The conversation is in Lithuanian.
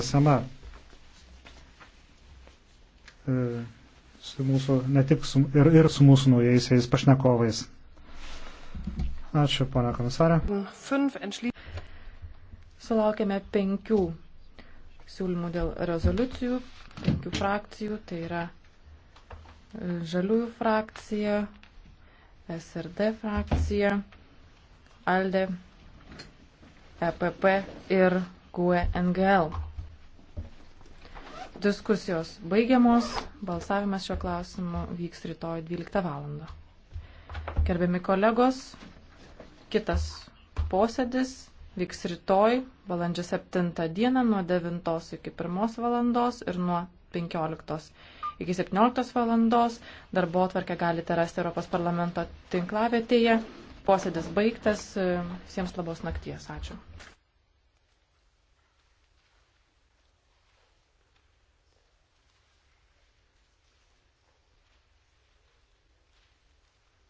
esama e, su mūsų, ne tik su, ir, ir su mūsų naujaisiais pašnekovais. Ačiū, ponia komisarė. Sulaukėme penkių siūlymų dėl rezoliucijų, penkių frakcijų, tai yra e, žaliųjų frakcija, SRD frakcija, ALDE, EPP ir GUE NGL. Diskusijos baigiamos, balsavimas šio klausimu vyks rytoj 12 val. Gerbiami kolegos, kitas posėdis vyks rytoj, balandžio 7 dieną, nuo 9 iki 1 valandos ir nuo 15 iki 17 valandos. Darbo atvarkę galite rasti Europos parlamento tinklavietėje. Posėdis baigtas. Visiems labos nakties. Ačiū.